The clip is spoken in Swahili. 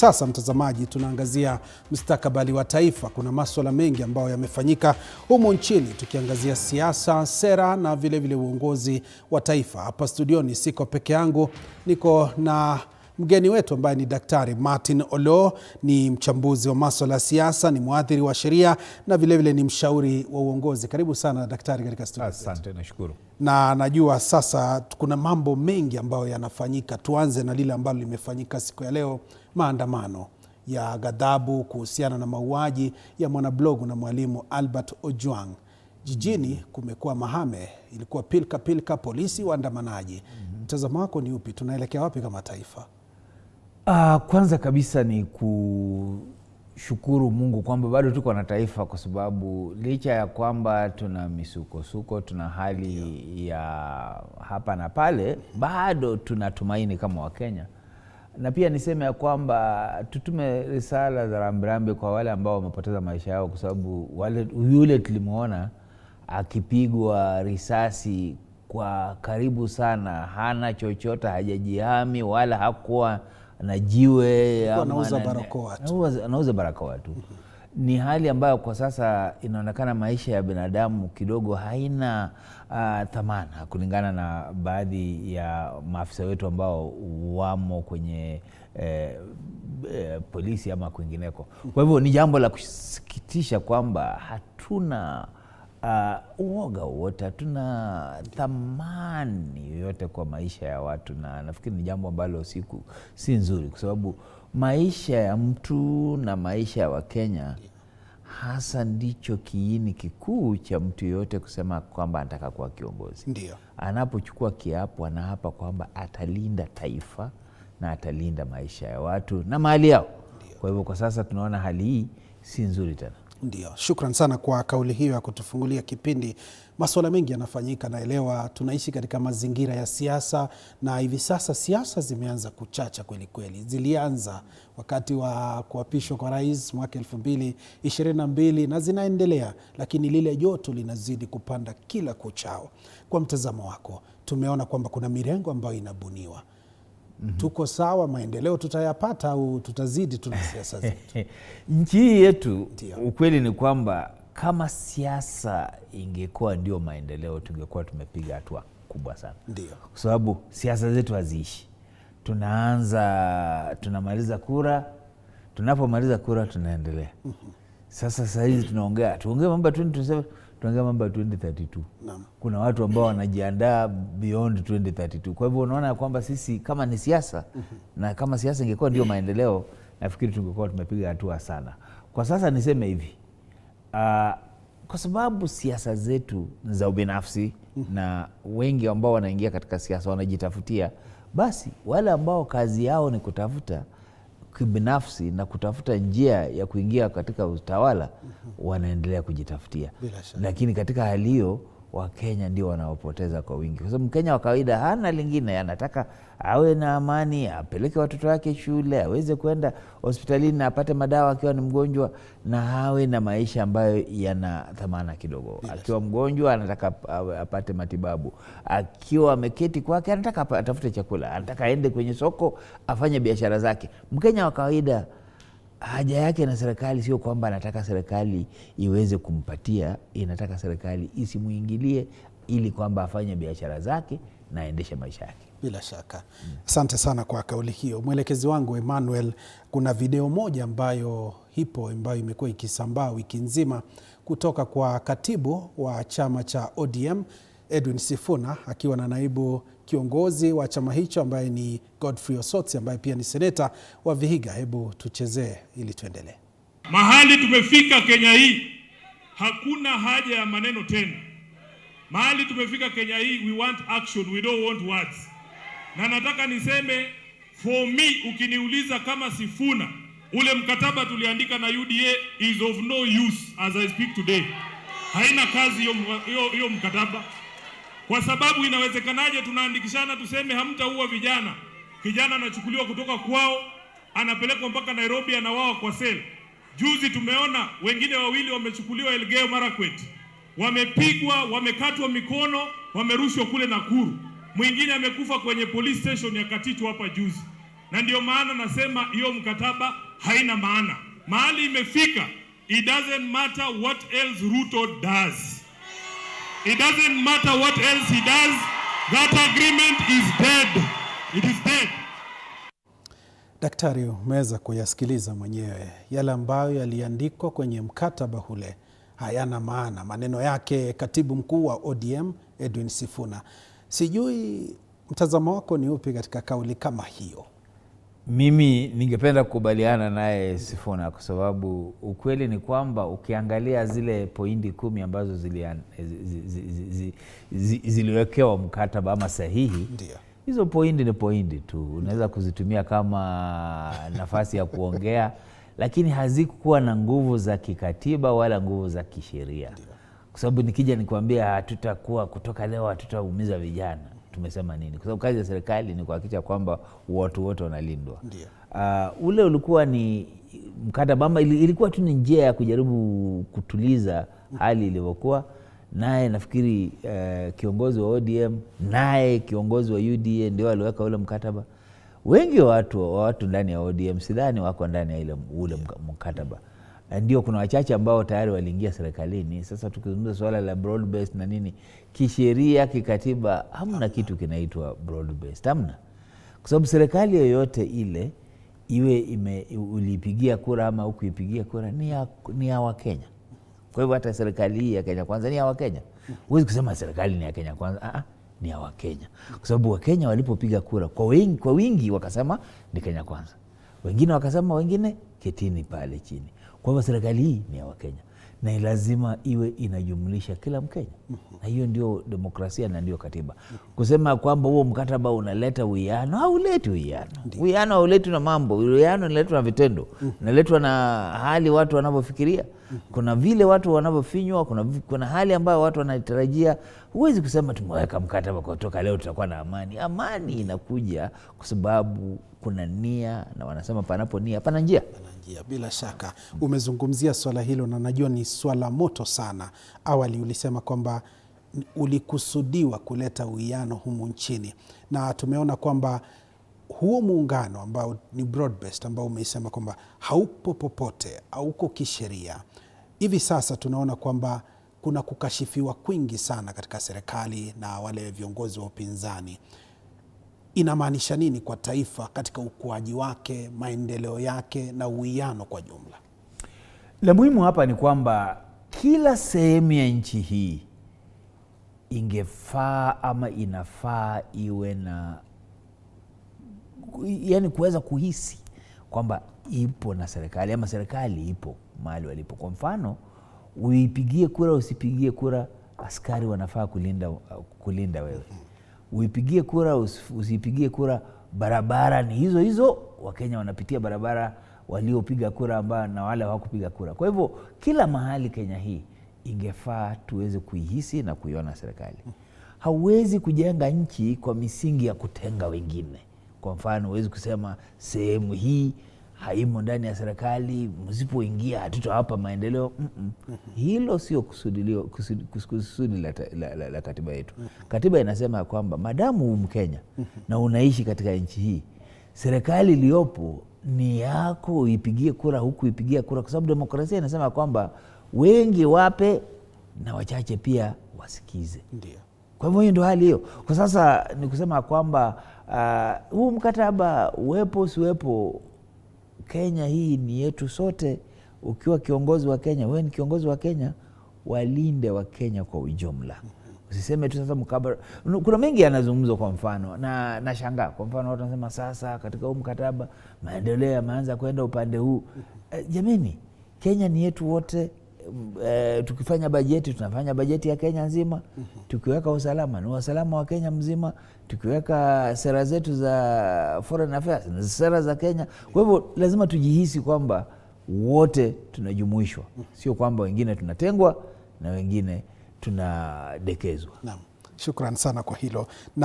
Sasa mtazamaji, tunaangazia mustakabali wa taifa. Kuna maswala mengi ambayo yamefanyika humo nchini, tukiangazia siasa, sera na vilevile vile uongozi wa taifa. Hapa studioni siko peke yangu, niko na mgeni wetu ambaye ni Daktari Martin olo Ni mchambuzi wa maswala ya siasa, ni mwadhiri wa sheria na vilevile vile ni mshauri wa uongozi. Karibu sana daktari katika studio. Asante, nashukuru na najua sasa kuna mambo mengi ambayo yanafanyika. Tuanze na lile ambalo limefanyika siku ya leo, maandamano ya ghadhabu kuhusiana na mauaji ya mwanablogu na mwalimu Albert Ojwang jijini. Kumekuwa mahame, ilikuwa pilka pilka, polisi, waandamanaji. Mhm. Mtazamo mm -hmm. wako ni upi? Tunaelekea wapi kama taifa? Uh, kwanza kabisa ni ku shukuru Mungu kwamba bado tuko na taifa, kwa sababu licha ya kwamba tuna misukosuko, tuna hali ya hapa na pale, bado tunatumaini kama Wakenya. Na pia niseme ya kwamba tutume risala za rambirambi kwa wale ambao wamepoteza maisha yao, kwa sababu yule tulimwona akipigwa risasi kwa karibu sana, hana chochote, hajajihami wala hakuwa na jiwe, anauza barakoa tu, anauza barakoa tu. Ni hali ambayo kwa sasa inaonekana maisha ya binadamu kidogo haina uh, thamana kulingana na baadhi ya maafisa wetu ambao wamo kwenye eh, eh, polisi ama kwingineko. Kwa hivyo ni jambo la kusikitisha kwamba hatuna uh, uoga wote, hatuna thamani yoyote kwa maisha ya watu, na nafikiri ni jambo ambalo siku si nzuri, kwa sababu maisha ya mtu na maisha ya Wakenya hasa ndicho kiini kikuu cha mtu yoyote kusema kwamba anataka kuwa kiongozi. Ndio anapochukua kiapo, anaapa kwamba atalinda taifa na atalinda maisha ya watu na mali yao. Kwa hivyo, kwa sasa tunaona hali hii si nzuri tena. Ndio, shukran sana kwa kauli hiyo ya kutufungulia kipindi. Masuala mengi yanafanyika, naelewa tunaishi katika mazingira ya siasa, na hivi sasa siasa zimeanza kuchacha kweli kweli. Zilianza wakati wa kuapishwa kwa rais mwaka elfu mbili ishirini na mbili na zinaendelea, lakini lile joto linazidi kupanda kila kuchao. Kwa mtazamo wako, tumeona kwamba kuna mirengo ambayo inabuniwa -hmm. Tuko sawa, maendeleo tutayapata au tutazidi tu na siasa zetu nchi hii yetu? Ndio. Ukweli ni kwamba kama siasa ingekuwa ndio maendeleo, tungekuwa tumepiga hatua kubwa sana, ndio kwa sababu siasa zetu haziishi. Tunaanza, tunamaliza kura, tunapomaliza kura tunaendelea. mm -hmm. Sasa sahizi tunaongea, tuongee mambo ya 2027 tunaongea mambo ya 2032 Kuna watu ambao wanajiandaa beyond 2032. Kwa hivyo unaona ya kwamba sisi kama ni siasa mm -hmm. na kama siasa ingekuwa ndio maendeleo, nafikiri tungekuwa tumepiga hatua sana. Kwa sasa niseme hivi uh, kwa sababu siasa zetu ni za ubinafsi mm -hmm. na wengi ambao wanaingia katika siasa wanajitafutia, basi wale ambao kazi yao ni kutafuta kibinafsi na kutafuta njia ya kuingia katika utawala, mhm. wanaendelea kujitafutia, lakini katika hali hiyo Wakenya ndio wanaopoteza kwa wingi, kwa sababu Mkenya wa kawaida hana lingine, anataka awe na amani, apeleke watoto wake shule, aweze kwenda hospitalini na apate madawa akiwa ni mgonjwa, na awe na maisha ambayo yana thamana kidogo. Yes. Akiwa mgonjwa anataka apate matibabu, akiwa ameketi kwake anataka atafute chakula, anataka aende kwenye soko afanye biashara zake. Mkenya wa kawaida haja yake na serikali sio kwamba anataka serikali iweze kumpatia, inataka serikali isimuingilie ili kwamba afanye biashara zake na aendeshe maisha yake. Bila shaka, asante mm. sana kwa kauli hiyo. Mwelekezi wangu Emmanuel, kuna video moja ambayo hipo ambayo imekuwa ikisambaa wiki nzima kutoka kwa katibu wa chama cha ODM Edwin Sifuna akiwa na naibu kiongozi wa chama hicho ambaye ni Godfrey Osotsi ambaye pia ni seneta wa Vihiga. Hebu tuchezee ili tuendelee. Mahali tumefika Kenya hii, hakuna haja ya maneno tena. Mahali tumefika Kenya hii, we want action, we don't want words. Na nataka niseme for me, ukiniuliza kama Sifuna, ule mkataba tuliandika na UDA is of no use as I speak today. Haina kazi hiyo mkataba kwa sababu inawezekanaje tunaandikishana tuseme hamtaua vijana, kijana anachukuliwa kutoka kwao anapelekwa mpaka Nairobi, anawawa kwa sel. Juzi tumeona wengine wawili wamechukuliwa Elgeyo Marakwet, wamepigwa, wamekatwa mikono, wamerushwa kule Nakuru. Mwingine amekufa kwenye police station ya Katitu hapa juzi, na ndio maana nasema hiyo mkataba haina maana. Mahali imefika, it doesn't matter what else Ruto does. It doesn't matter what else he does, that agreement is dead. It is dead. Daktari, umeweza kuyasikiliza mwenyewe yale ambayo yaliandikwa kwenye mkataba ule hayana maana. Maneno yake katibu mkuu wa ODM Edwin Sifuna. Sijui mtazamo wako ni upi katika kauli kama hiyo? Mimi ningependa kukubaliana naye Sifuna kwa sababu ukweli ni kwamba ukiangalia zile pointi kumi ambazo ziliwekewa mkataba ama sahihi Hizo pointi ni pointi tu, unaweza kuzitumia kama nafasi ya kuongea, lakini hazikuwa na nguvu za kikatiba wala nguvu za kisheria, kwa sababu nikija nikwambia hatutakuwa kutoka leo hatutaumiza vijana tumesema nini, kwa sababu kazi ya serikali ni kuhakikisha kwamba watu wote wanalindwa. Uh, ule ulikuwa ni mkataba ama ilikuwa tu ni njia ya kujaribu kutuliza hali ilivyokuwa naye nafikiri uh, kiongozi wa ODM naye kiongozi wa UDA ndio aliweka ule mkataba. Wengi wa watu wa watu ndani ya ODM sidhani wako ndani ya ule mkataba. Eh, ndio kuna wachache ambao tayari waliingia serikalini. Sasa tukizungumza swala la broad based na nini, kisheria, kikatiba, hamna kitu kinaitwa broad based, hamna, kwa sababu serikali yoyote ile iwe ime, ulipigia kura ama ukuipigia kura ni ya, ni ya Wakenya. Kwa hivyo hata serikali hii ya Kenya Kwanza ni ya Wakenya. Huwezi kusema serikali ni ya Kenya Kwanza. Aa, ah, ah, ni ya Wakenya kwa sababu Wakenya walipopiga kura kwa wingi, kwa wingi wakasema ni Kenya Kwanza, wengine wakasema wengine ketini pale chini hivyo serikali hii ni ya Wakenya na lazima iwe inajumlisha kila Mkenya mm -hmm. Na hiyo ndio demokrasia na ndio katiba mm -hmm. Kusema kwamba huo mkataba unaleta uwiano, hauleti uwiano. Uwiano hauleti na mambo, uwiano unaletwa na vitendo mm -hmm. Unaletwa na hali watu wanavyofikiria mm -hmm. Kuna vile watu wanavyofinywa, kuna, kuna hali ambayo watu wanatarajia. Huwezi kusema tumeweka mkataba kutoka leo tutakuwa na amani. Amani inakuja kwa sababu kuna nia na wanasema panapo nia pana njia. Bila shaka umezungumzia swala hilo na najua ni swala moto sana. Awali ulisema kwamba ulikusudiwa kuleta uwiano humu nchini na tumeona kwamba huo muungano ambao ni broad-based ambao umesema kwamba haupo popote, hauko kisheria. Hivi sasa tunaona kwamba kuna kukashifiwa kwingi sana katika serikali na wale viongozi wa upinzani inamaanisha nini kwa taifa katika ukuaji wake, maendeleo yake na uwiano kwa jumla? La muhimu hapa ni kwamba kila sehemu ya nchi hii ingefaa ama inafaa iwe na yani kuweza kuhisi kwamba ipo na serikali ama serikali ipo mahali walipo. Kwa mfano, uipigie kura usipigie kura, askari wanafaa kulinda, kulinda wewe uipigie kura usiipigie kura, barabara ni hizo hizo. Wakenya wanapitia barabara waliopiga kura ambao na wale hawakupiga kura. Kwa hivyo kila mahali Kenya hii ingefaa tuweze kuihisi na kuiona serikali. Hauwezi kujenga nchi kwa misingi ya kutenga wengine. Kwa mfano, huwezi kusema sehemu hii haimo ndani ya serikali, msipoingia hatutawapa maendeleo mm -mm. Hilo sio kusudi, kusudi la, la, la, la katiba yetu. Mm-hmm. Katiba inasema ya kwamba madamu huu Mkenya mm-hmm. na unaishi katika nchi hii, serikali iliyopo ni yako, uipigie kura huku, ipigia kura, kwa sababu demokrasia inasema kwamba wengi wape na wachache pia wasikize. Ndiyo. Kwa hivyo hiyo ndio hali hiyo kwa sasa, ni kusema kwamba uh, huu mkataba uwepo usiwepo Kenya hii ni yetu sote. Ukiwa kiongozi wa Kenya, wewe ni kiongozi wa Kenya, walinde wa Kenya kwa ujumla, usiseme tu sasa mkabara. Kuna mengi yanazungumzwa, kwa mfano na nashangaa, kwa mfano watu wanasema sasa, katika huu mkataba maendeleo yameanza kwenda upande huu. Eh, Jamani, Kenya ni yetu wote e, tukifanya bajeti tunafanya bajeti ya Kenya nzima mhm. Tukiweka usalama ni usalama wa Kenya mzima, tukiweka sera zetu za foreign affairs ni sera za Kenya. Kwa hivyo lazima tujihisi kwamba wote tunajumuishwa, mhm. sio kwamba wengine tunatengwa na wengine tunadekezwa. Naam, shukran sana kwa hilo na